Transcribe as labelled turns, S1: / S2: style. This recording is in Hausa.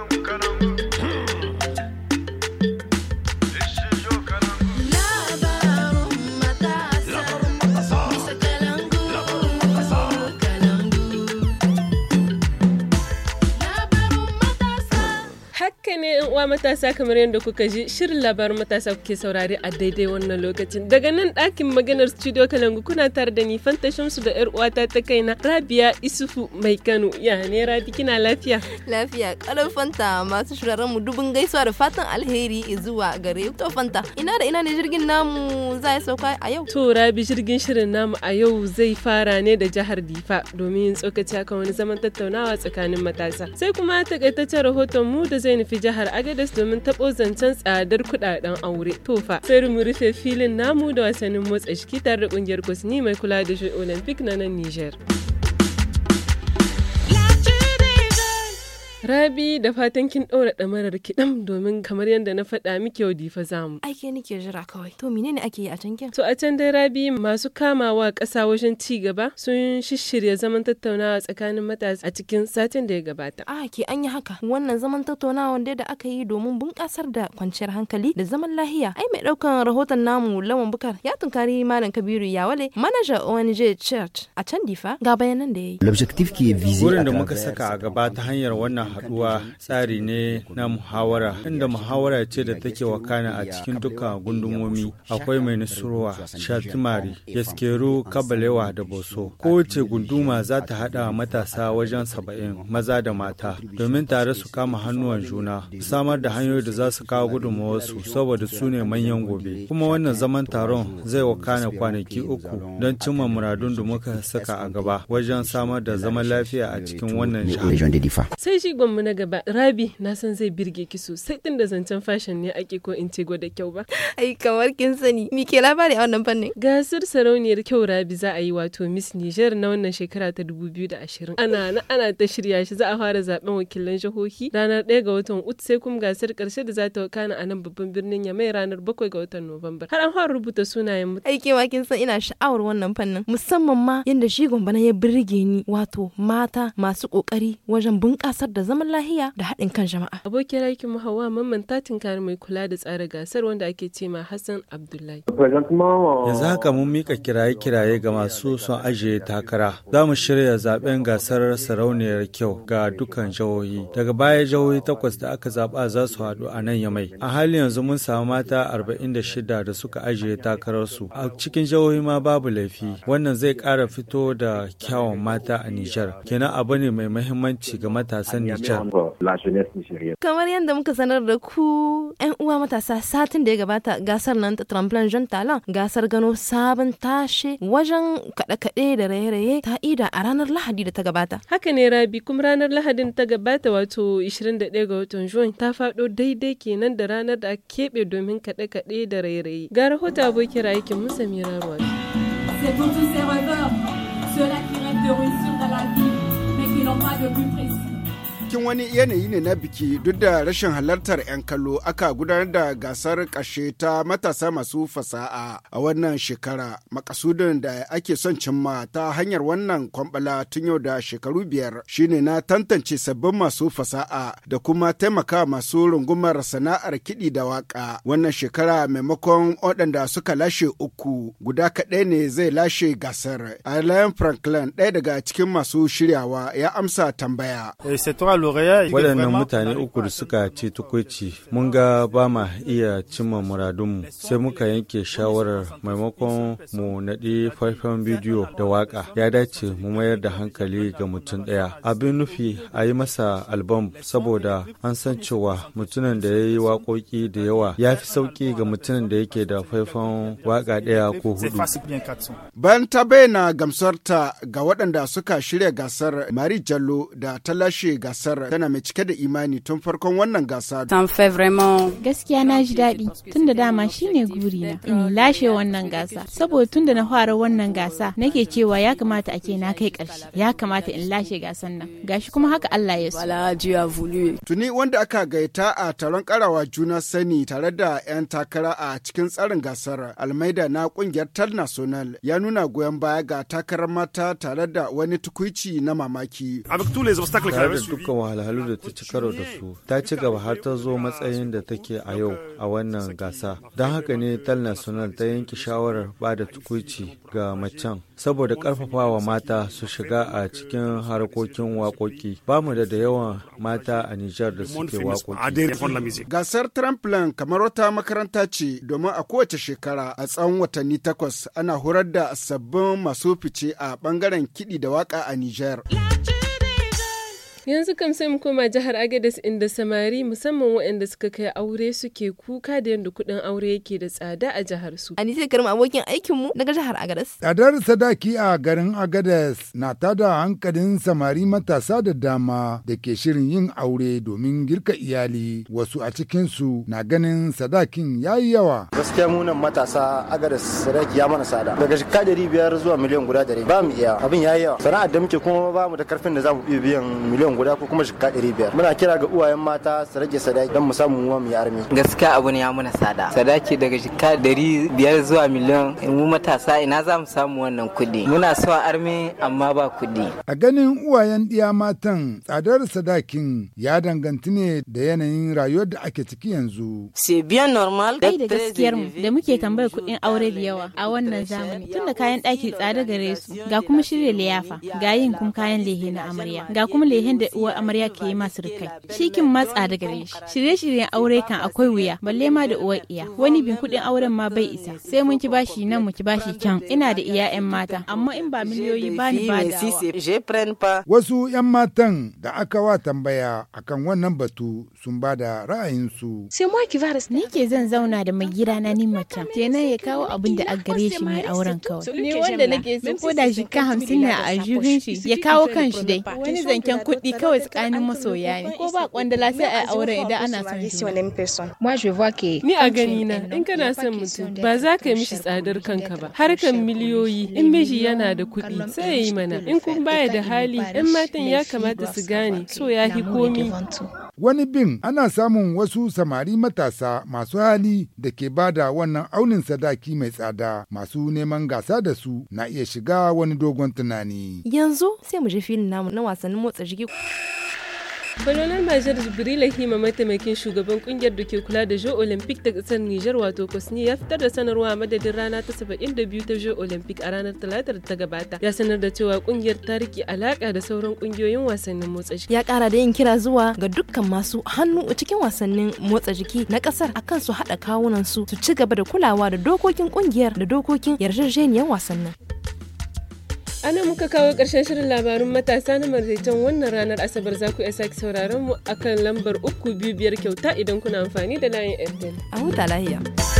S1: gonna. uwa matasa kamar yadda kuka ji shirin labarin matasa kuke saurari a daidai wannan lokacin. Daga nan ɗakin maganar studio Kalangu kuna tare da ni Fanta Shamsu da yar uwata ta kaina Rabia Isufu mai Kano. Ya ne Rabi kina lafiya?
S2: Lafiya kalar Fanta masu shirarren mu dubin gaisuwa da fatan alheri zuwa gare to Fanta. Ina da ina ne jirgin namu za a sauka a yau? To
S1: Rabi jirgin shirin namu a yau zai fara ne da jihar Difa domin yin tsokaci akan wani zaman tattaunawa tsakanin matasa. Sai kuma taƙaitaccen rahoton mu da zai nufi jihar su domin taɓo zancen tsadar kuɗaɗen aure. Tofa sai mu rufe filin namu da wasannin motsa jiki tare da ƙungiyar Kwasni mai kula da shi Olympic na nan Niger. Rabi da fatan kin ɗora ɗamarar kiɗan domin kamar yadda na faɗa miki yau difa zamu. Aike ke jira kawai. To menene ake yi a can kin? To a can dai Rabi masu kamawa ƙasa wajen ci gaba sun shishirya zaman tattaunawa tsakanin matasa a cikin satin da ya gabata.
S2: A ah, ke an yi haka. Wannan zaman tattaunawa dai da aka yi domin bunƙasar da kwanciyar hankali da zaman lahiya. Ai mai ɗaukan rahoton namu Lawan Bukar ya tunkari Malam Kabiru Yawale manajan ONG Church a can difa ga bayanan da ya
S1: yi. Wurin da muka
S3: saka a gaba ta hanyar wannan haɗuwa tsari ne na muhawara inda muhawara ce da take wakana a cikin duka gundumomi akwai mai nusurwa shatimari yaskeru kabalewa da boso kowace gunduma za ta haɗa matasa wajen saba'in maza da mata domin tare su kama hannuwan juna samar da hanyoyi da za su kawo gudunmawarsu saboda su ne manyan gobe kuma wannan zaman taron zai wakana kwanaki uku don cimma muradun da muka saka a gaba wajen samar da zaman lafiya a cikin wannan jihar.
S1: mu na gaba Rabi na san zai birge ki sosai din da zancen fashion ne ake ko in ce gwada kyau ba. Ai kamar kin sani me ke labari a wannan fannin? Gasar sarauniyar kyau Rabi za a yi wato Miss Niger na wannan shekara ta 2020. Ana na ana ta shirya shi za a fara zaben wakilan jihohi ranar 1 ga watan Ut sai kuma gasar karshe da za ta wakana a nan babban birnin Yamai ranar 7 ga watan november. Har an fara rubuta sunayen mu.
S2: Ai kewa kin san ina sha'awar wannan fannin musamman ma yanda shi gombana ya birge ni wato mata masu kokari wajen bunƙasar da zaman lahiya da haɗin kan jama'a.
S1: Abokiyar aikin mu Hauwa Mamman ta tinkari mai kula da tsara gasar wanda ake ce ma Hassan Abdullahi.
S3: Yanzu haka mun mika kiraye-kiraye ga masu son ajiye takara. Za mu shirya zaben gasar sarauniyar kyau ga dukkan jihohi. Daga baya jihohi takwas da aka zaba za su haɗu a nan Yamai. A halin yanzu mun samu mata arba'in da shida da suka ajiye takarar su. A cikin jihohi ma babu laifi. Wannan zai ƙara fito da kyawun mata a Nijar. Kenan abu ne mai mahimmanci ga matasan Nijar. Richard.
S2: Kamar yadda muka sanar da ku 'yan uwa matasa satin da ya gabata gasar nan ta Tramplin John Talon gasar gano sabon tashe wajen kaɗe-kaɗe da raye-raye ta ida a ranar Lahadi da ta gabata. Haka ne
S1: Rabi kuma ranar Lahadin ta gabata wato 21 ga watan Juin ta faɗo daidai kenan da ranar da keɓe domin kaɗe-kaɗe da raye-raye. Ga rahoton abokin aikin Musa Mira C'est pour tous tun rêveurs, ceux-là qui rêvent de réussir dans la vie, mais qui n'ont pas de but précis.
S4: cikin wani yanayi ne na biki duk da rashin halartar 'yan kallo aka gudanar da gasar kashe ta matasa masu fasa'a a wannan shekara makasudin da ake son cimma ta hanyar wannan kwambala tun yau da shekaru biyar shine na tantance sabbin masu fasa'a da kuma taimaka masu rungumar sana'ar kiɗi da waƙa wannan shekara maimakon waɗanda suka lashe uku guda kaɗai ne zai lashe gasar alain franklin ɗaya daga cikin masu shiryawa ya amsa tambaya.
S3: waɗannan mutane uku da suka ce tukuici mun ga ba ma iya cimma muradunmu sai muka yanke shawarar maimakon mu naɗi faifan bidiyo da waƙa ya dace mu mayar da hankali ga mutum ɗaya abin nufi a yi masa albam saboda an san cewa mutumin da ya yi waƙoƙi da yawa ya fi sauƙi ga mutumin da yake da faifan waƙa ɗaya ko hudu
S4: bayan ta bayyana gamsarta ga waɗanda suka shirya gasar
S3: mari jallo
S4: da ta lashe gasar gasar tana mai cike da imani tun farkon wannan gasa. Gaskiya
S5: na ji daɗi tun da dama shine na in lashe wannan gasa saboda tun da na fara wannan gasa nake cewa ya kamata ake na kai ƙarshe ya kamata in lashe gasan nan gashi kuma haka Allah ya so.
S4: Tuni wanda aka gaita a taron karawa juna sani tare da 'yan takara a cikin tsarin gasar almaida na kungiyar tal national ya nuna goyon baya ga takarar mata tare da wani tukuici na mamaki. da
S3: wahalhalu da ta ci karo da su ta ci gaba har ta zo matsayin da take a yau a wannan gasa don haka ne tal national ta yanke shawarar ba da tukuici ga macen saboda karfafawa mata su shiga a cikin harkokin waƙoƙi ba mu da da yawan mata a nijar da suke waƙoƙi
S4: gasar trampoline kamar wata makaranta ce domin a kowace shekara a tsawon watanni takwas ana horar da sabbin masu fice a bangaren kiɗi da waƙa a nijar
S1: Yanzu kam sai mu koma jihar Agadez inda samari musamman waɗanda suka kai aure suke kuka da yadda kuɗin aure yake da tsada a jihar su. Ani sai karim abokin aikin mu daga jihar
S2: Agadez.
S6: Tsadar sadaki a garin Agadez na tada hankalin samari matasa da dama da ke shirin yin aure domin girka iyali wasu a cikin su na ganin sadakin ya yi yawa.
S3: Gaskiya munan matasa Agadez sadaki ya mana tsada. Daga shekka dari biyar zuwa miliyan guda dari ba mu iya abin ya yi yawa. Sana'ar da muke kuma ba mu da karfin da za mu iya biyan miliyan ragon guda ko kuma jikka ɗari biyar muna kira ga uwayen mata su rage sadaki don mu samu mu mu yi armi
S5: gaskiya abu ne ya muna sada sadaki daga jikka ɗari biyar zuwa miliyan mu matasa ina za mu samu wannan kuɗi muna so armi amma ba kuɗi
S6: a ganin uwayen ɗiya matan tsadar sadakin ya danganci ne da yanayin rayuwar da ake ciki yanzu se
S5: biyan normal da gaskiyar mu da muke tambayar kuɗin aure da yawa a wannan zamani tunda kayan ɗaki tsada gare su ga kuma shirya liyafa ga yin kuma kayan lehe na amarya ga kuma lehen da uwar amarya ke yi masu rikai shi kin matsa da gare shi shirye-shiryen aure kan akwai wuya balle ma da uwar iya wani bin kuɗin auren ma bai isa sai mun ki bashi nan mu ki bashi can ina da iya 'yan mata amma in ba miliyoyi ba ni ba
S6: da wasu 'yan matan da aka wa tambaya akan wannan batu sun ba da ra'ayinsu
S5: ne ke zan zauna da mai gida na ni macen kenan ya kawo abin da a gare shi mai auren kawai ni wanda nake so ko da shi ka hamsin na a jurin shi ya kawo kan shi dai wani zanken kuɗi kawai tsakanin masoya ne ko ba kwandala sai a aure idan ana son
S1: juna ni a gani na in kana son mutum ba za ka yi mishi tsadar kanka ba harkan miliyoyi in miji yana da kuɗi sai ya yi mana in kun baya da hali 'yan matan ya kamata su gane so ya fi komi
S6: Wani bin ana samun wasu samari matasa masu hali da ke bada wannan aunin sadaki mai tsada masu neman gasa da su na iya shiga wani dogon tunani.
S2: Yanzu sai mu je filin namu na wasannin motsa
S1: jiki. Balolan Majar Jibrila Hima mataimakin shugaban kungiyar da ke kula da Jo Olympic ta kasar Nijar wato Kosni ya fitar da sanarwa a madadin rana ta 72 ta Jo Olympic a ranar Talatar ta gabata. Ya sanar da cewa kungiyar ta rike alaka da sauran kungiyoyin wasannin
S2: motsa jiki. Ya kara da yin kira zuwa ga dukkan masu hannu a cikin wasannin motsa jiki na kasar akan su hada kawunan su su ci gaba da kulawa da dokokin kungiyar da dokokin yarjejeniyar wasannin.
S1: ana muka kawo ƙarshen shirin labarun matasa na marzaitan wannan ranar asabar za ku iya sake sauraron mu akan lambar uku biyu biyar kyauta idan kuna amfani da layin
S3: airtel a huta lahiya